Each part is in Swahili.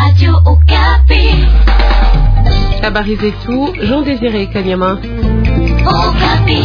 Radio Okapi. Tabarisez tout, Jean-Désiré Kanyama. Okapi.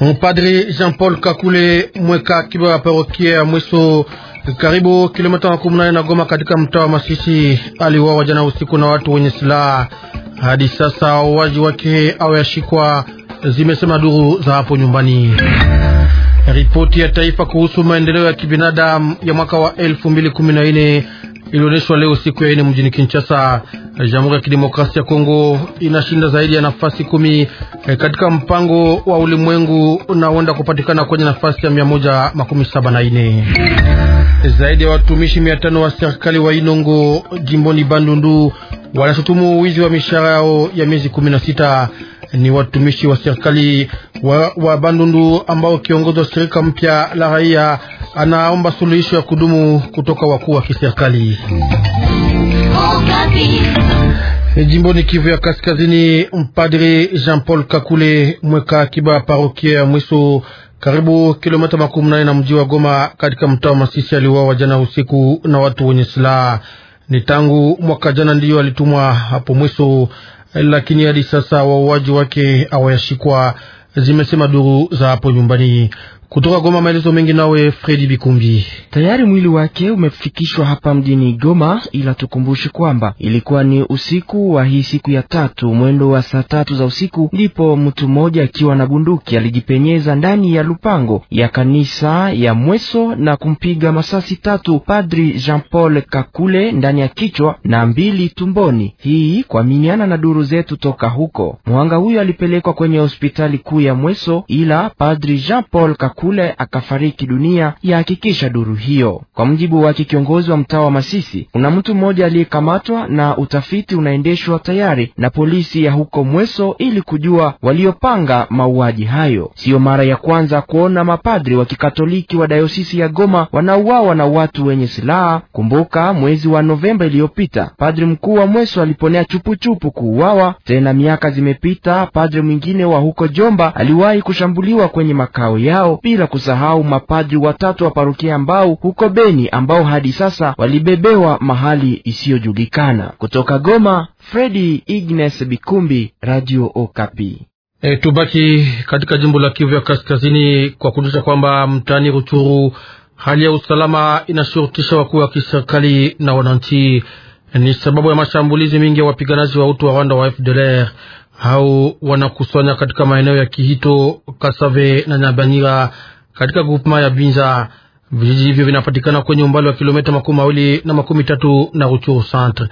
Mon padré Jean-Paul Kakule, Mweka Kiba Parokia Mweso. karibu kilomita makumi nane na Goma katika mtaa wa Masisi. Aliuawa jana usiku na watu wenye silaha. Hadi sasa wauaji wake yashikwa, zimesema duru za hapo nyumbani. Ripoti ya taifa kuhusu maendeleo ya kibinadamu ya mwaka wa 2014 ilionyeshwa leo siku ya ine mjini Kinshasa. Jamhuri ya Kidemokrasia ya Kongo inashinda zaidi ya nafasi kumi eh, katika mpango wa ulimwengu unaoenda kupatikana kwenye nafasi ya 174. Zaidi ya watumishi mia tano wa serikali wa Inongo jimboni Bandundu wanashutumu wizi wa mishahara yao ya miezi kumi na sita. Ni watumishi wa serikali wa, wa Bandundu ambao kiongozi wa shirika mpya la raia anaomba suluhisho ya kudumu kutoka wakuu wa kiserikali. Jimboni Kivu ya Kaskazini, mpadri Jean Paul Kakule mweka akiba parokia ya Mwiso karibu kilomita makumi nane na mji wa Goma katika mtaa wa Masisi aliuawa jana usiku na watu wenye silaha. Ni tangu mwaka jana ndiyo alitumwa hapo mweso lakini hadi sasa wauaji wake awayashikwa, zimesema duru za hapo nyumbani. Kutoka Goma, maelezo mengi nawe Fredi Bikumbi. Tayari mwili wake umefikishwa hapa mjini Goma, ila tukumbushe kwamba ilikuwa ni usiku wa hii siku ya tatu, mwendo wa saa tatu za usiku, ndipo mtu mmoja akiwa na bunduki alijipenyeza ndani ya lupango ya kanisa ya Mweso na kumpiga masasi tatu Padri Jean Paul Kakule ndani ya kichwa na mbili tumboni, hii kuaminiana na duru zetu toka huko. Mhanga huyo alipelekwa kwenye hospitali kuu ya Mweso, ila Padri Jean Paul Kakule kule akafariki dunia, yahakikisha duru hiyo. Kwa mujibu wake kiongozi wa mtaa wa Masisi, kuna mtu mmoja aliyekamatwa na utafiti unaendeshwa tayari na polisi ya huko Mweso ili kujua waliopanga mauaji hayo. Siyo mara ya kwanza kuona mapadri wa Kikatoliki wa dayosisi ya Goma wanauawa na watu wenye silaha. Kumbuka mwezi wa Novemba iliyopita padri mkuu wa Mweso aliponea chupuchupu kuuawa. Tena miaka zimepita, padri mwingine wa huko Jomba aliwahi kushambuliwa kwenye makao yao bila kusahau mapadri watatu wa parokia ambao huko Beni ambao hadi sasa walibebewa mahali isiyojulikana. Kutoka Goma, Fredi Ignes Bikumbi, Radio Okapi. E, tubaki katika jimbo la Kivu ya Kaskazini kwa kujulisha kwamba mtaani Ruchuru hali ya usalama inashurutisha wakuu wa kiserikali na wananchi. Ni sababu ya mashambulizi mengi ya wapiganaji wa utu wa Rwanda wa FDLR hao wanakusanya katika maeneo ya Kihito, Kasave na Nyabanyira katika grupema ya Binza. Vijiji hivyo vinapatikana kwenye umbali wa kilomita makumi mawili na makumi tatu na Ruchuru centre.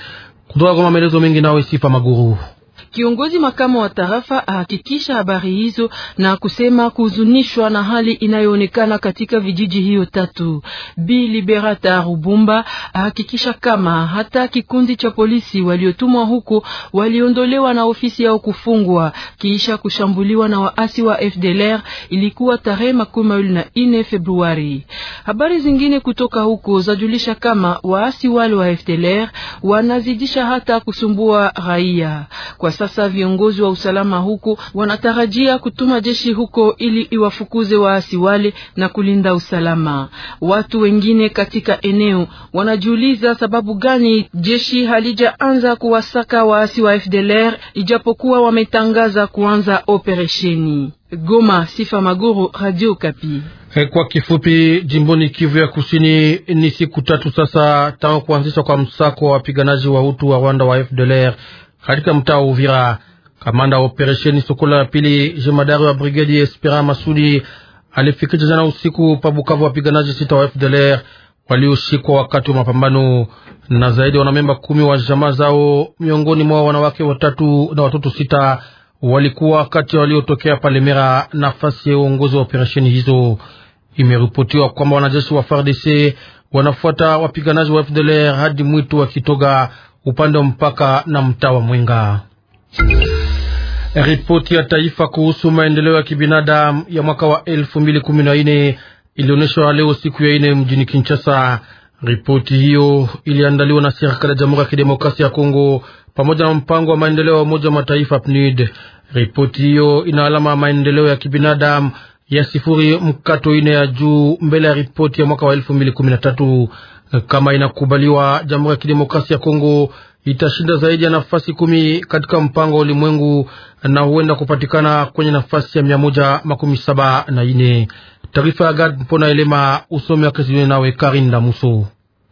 Kutoka kwa maelezo mengi nawe Sifa Maguru. Kiongozi makamu wa tarafa ahakikisha habari hizo na kusema kuhuzunishwa na hali inayoonekana katika vijiji hiyo tatu. Bi Liberata Rubumba ahakikisha kama hata kikundi cha polisi waliotumwa huko waliondolewa na ofisi yao kufungwa kisha kushambuliwa na waasi wa FDLR. Ilikuwa tarehe makumi mawili na nne Februari. Habari zingine kutoka huko zajulisha kama waasi wale wa FDLR wanazidisha hata kusumbua raia. Kwa sasa viongozi wa usalama huko wanatarajia kutuma jeshi huko ili iwafukuze waasi wale na kulinda usalama. Watu wengine katika eneo wanajiuliza sababu gani jeshi halijaanza kuwasaka waasi wa FDLR ijapokuwa wametangaza kuanza operesheni. Goma, Sifa Maguru, Radio Kapi. E, kwa kifupi, jimboni Kivu ya Kusini, ni siku tatu sasa tangu kuanzishwa kwa msako wa wapiganaji wa Hutu wa Rwanda wa FDLR katika mtaa wa Uvira. Kamanda wa operesheni Sokola ya pili, jemadari wa brigedi Espera Masudi alifikisha jana usiku pa Bukavu wapiganaji sita wa FDLR walioshikwa wakati wa mapambano na zaidi wanamemba kumi wa jamaa zao, miongoni mwa wanawake watatu na watoto sita walikuwa kati ya waliotokea Palemera, nafasi ya uongozi wa operesheni hizo. Imeripotiwa kwamba wanajeshi wa FARDC wanafuata wapiganaji wa FDLR hadi mwitu wa Kitoga upande wa mpaka na mtaa wa Mwenga. Ripoti ya taifa kuhusu maendeleo ya kibinadamu ya mwaka wa nne ilionyeshwa leo siku ya ine mjini Kinshasa. Ripoti hiyo iliandaliwa na serikali ya Jamhuri ya Kidemokrasia ya Kongo pamoja na mpango wa maendeleo ya Umoja wa Mataifa PNUD. Ripoti hiyo ina alama ya maendeleo ya kibinadamu ya sifuri mkato ine ya juu mbele ya ripoti ya mwaka wa tatu. Kama inakubaliwa, Jamhuri ya Kidemokrasia ya Kongo itashinda zaidi ya nafasi kumi katika mpango wa ulimwengu na huenda kupatikana kwenye nafasi ya mia moja makumi saba na ine. Taarifa ya Gad Mpona Elema, usomi wa nawe Karinda Muso.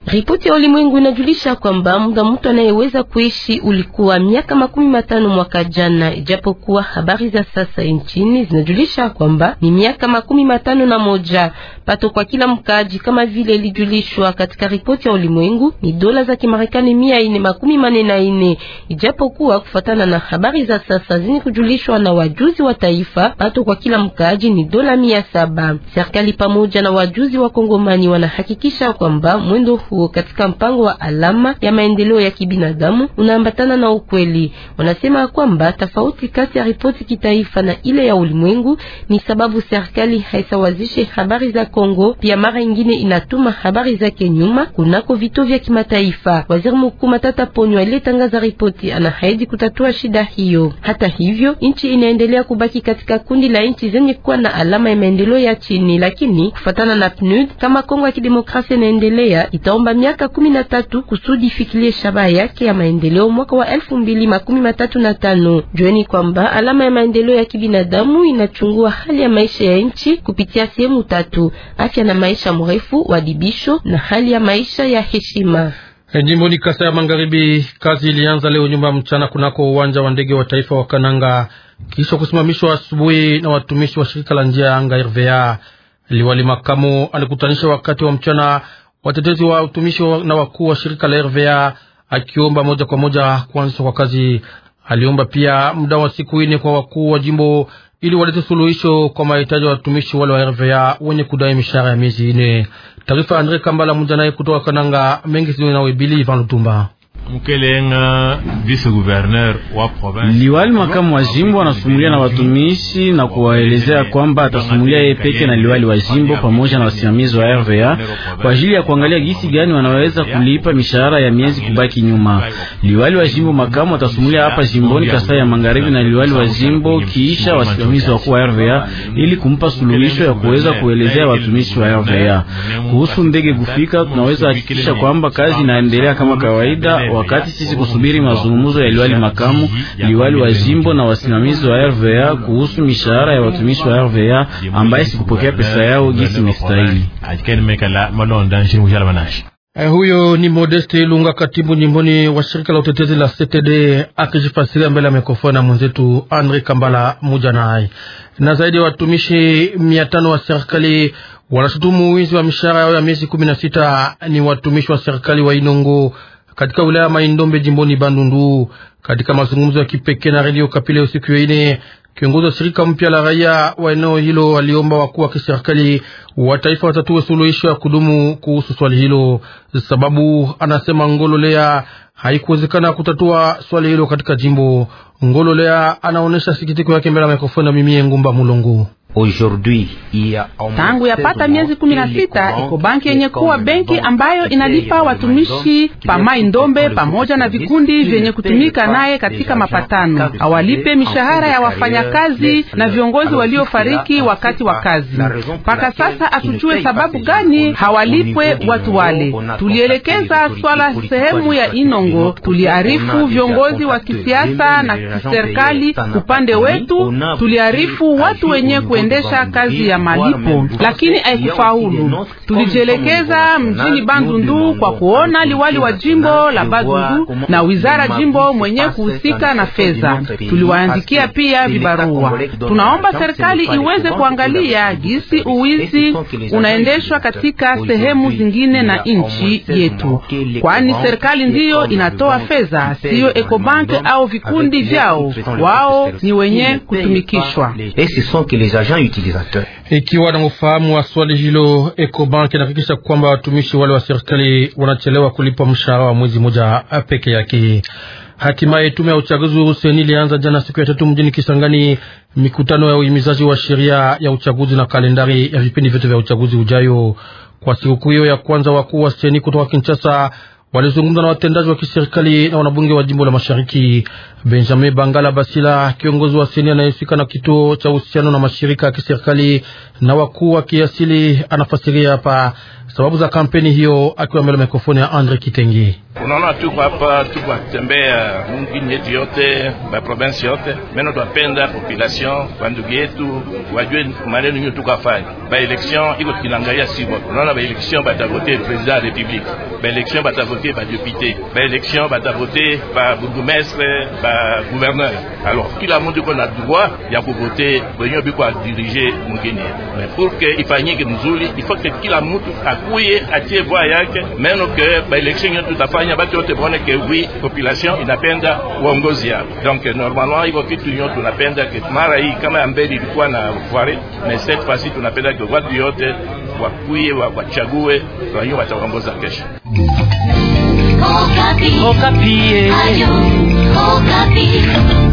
Ripoti ya ulimwengu inajulisha kwamba muda mtu anayeweza kuishi ulikuwa miaka makumi matano mwaka jana, ijapokuwa habari za sasa nchini zinajulisha kwamba ni miaka makumi matano na moja. Pato kwa kila mkaaji kama vile ilijulishwa katika ripoti ya ulimwengu ni dola za Kimarekani mia ine makumi mane na ine, ijapokuwa kufatana na habari za sasa zenye kujulishwa na wajuzi wa taifa, pato kwa kila mkaaji ni dola mia saba. Serikali pamoja na wajuzi wa Kongomani wanahakikisha kwamba mwendo huo katika mpango wa alama ya maendeleo ya kibinadamu unaambatana na ukweli. Wanasema kwamba tofauti kati ya ripoti kitaifa na ile ya ulimwengu ni sababu serikali haisawazishe habari za Kongo, pia mara nyingine inatuma habari zake nyuma kunako vituo vya kimataifa. Waziri Mkuu Matata Ponyo aliyetangaza ripoti anaahidi kutatua shida hiyo. Hata hivyo, nchi inaendelea kubaki katika kundi la nchi zenye kuwa na alama ya maendeleo ya chini, lakini kufatana na PNUD, kama Kongo ya kidemokrasia inaendelea ita kuomba miaka kumi na tatu kusudi ifikilie shabaha yake ya maendeleo mwaka wa elfu mbili makumi matatu na tano. Jueni kwamba alama ya maendeleo ya kibinadamu inachungua hali ya maisha ya nchi kupitia sehemu tatu: afya na maisha mrefu, wadibisho na hali ya maisha ya heshima. E, jimboni Kasa ya Magharibi, kazi ilianza leo nyuma mchana kunako uwanja wa ndege wa taifa wa Kananga kisha kusimamishwa asubuhi na watumishi wa shirika la njia ya anga RVA. Liwali makamu alikutanisha wakati wa mchana watetezi wa utumishi na wakuu wa shirika la RVA akiomba moja kwa moja kuanzishwa kwa kazi. Aliomba pia muda wa siku ine kwa wakuu wa jimbo ili walete suluhisho kwa mahitaji ya watumishi wale wa RVA wenye kudai mishahara ya miezi ine. Taarifa Andre Kambala mujanai kutoka Kananga mengi sio na Wibili Ivan Lutumba. Liwali makamu wa jimbo anasumulia na watumishi na kuwaelezea kwamba atasumulia yeye peke na liwali wa jimbo pamoja na wasimamizi wa RVA kwa ajili ya kuangalia gisi gani wanaweza kulipa mishahara ya miezi kubaki nyuma. Liwali wa jimbo makamu atasumulia hapa jimboni Kasai ya Magharibi na liwali wa jimbo kiisha wasimamizi wakuu wa RVA ili kumpa suluhisho ya kuweza kuelezea watumishi wa RVA kuhusu ndege kufika. Tunaweza hakikisha kwamba kazi inaendelea kama kawaida wakati sisi kusubiri mazungumzo ya liwali makamu, liwali wa jimbo na wasimamizi wa RVA kuhusu mishahara ya watumishi wa RVA ambaye sikupokea pesa yao gisi imestahili. Eh, huyo ni Modeste Ilunga, katibu nyimboni wa shirika la utetezi la CTD akijifasiria mbele ya mikrofoni na mwenzetu Andre Kambala Mujanai. Na zaidi ya watumishi mia tano wa serikali wanashutumu wizi wa mishahara yao ya miezi kumi na sita ni watumishi wa serikali wa Inongo katika wilaya Maindombe jimboni Bandundu. Katika mazungumzo ya kipekee na redio Kapile usiku ya ine, kiongozi wa shirika mpya la raia wa eneo hilo waliomba wakuu wa kiserikali wa taifa watatue suluhisho ya kudumu kuhusu swali hilo, sababu anasema Ngololea haikuwezekana kutatua swali hilo katika jimbo. Ngololea anaonyesha sikitiko yake mbele ya mikrofoni na Mimie Ngumba Mulongo. Tangu yapata miezi kumi na sita iko banki yenye kuwa benki ambayo inalipa watumishi pa Mai Ndombe pamoja na vikundi vyenye kutumika naye katika mapatano, awalipe mishahara ya wafanyakazi na viongozi waliofariki wakati wa kazi. Mpaka sasa hatujue sababu gani hawalipwe watu wale. Tulielekeza swala sehemu ya Inongo, tuliarifu viongozi wa kisiasa na kiserikali. Upande wetu tuliarifu watu wenye kwe kuendesha kazi ya malipo, lakini haikufaulu. Tulijielekeza mjini Bandundu kwa kuona liwali wa jimbo la Bandundu na wizara jimbo mwenye kuhusika na fedha. Tuliwaandikia pia vibarua, tunaomba serikali iweze kuangalia jinsi uwizi unaendeshwa katika sehemu zingine na nchi yetu, kwani serikali ndiyo inatoa fedha, siyo ekobanke au vikundi vyao. Wao ni wenye kutumikishwa. Ikiwa na ufahamu wa swali hilo, Ecobank inahakikisha kwamba watumishi wale wa serikali wanachelewa kulipwa mshahara wa mwezi mmoja peke yake. Hatimaye tume ya uchaguzi huru seni ilianza jana siku ya tatu mjini Kisangani mikutano ya uhimizaji wa sheria ya uchaguzi na kalendari ya vipindi vyote vya uchaguzi ujayo. Kwa sikukuu hiyo ya kwanza, wakuu wa seni kutoka Kinshasa walizungumza na watendaji wa kiserikali na wanabunge wa jimbo la Mashariki. Benjamin Bangala Basila, kiongozi wa seni anayehusika na kituo cha uhusiano na mashirika ya kiserikali na wakuu wa kiasili, anafasiria hapa sababu za kampeni hiyo, akiwa mbele mikrofoni ya Andre Kitenge. Unaona, tuko hapa, tuko atembea mungini yetu yote ba province yote meno, twapenda population bandugu yetu wajue maneno nyo tukafanya ba election iko tukilangalia sibo. Unaona, ba election batavote president ya republique, ba election batavote ba député, ba election batavote ba bourgmestre ba gouverneur. Alors kila mtu iko na droit ya kuvote benyo biko adirige mungini, mais pour que ifanyike mzuri, il faut que kila mtu akuye atie voix yake meno ke baelection yote tutafanya batu yote bone ke wi population inapenda uongozi yao. Donc normalement hivyo kitu nyo tunapenda ke mara hii kama ya mbele ilikuwa na voire mais cette fois tunapenda ke watu yote wakuye wachague wanyo wataongoza kesho. Okapi. Okapi. Eh. Ayo. Okapi.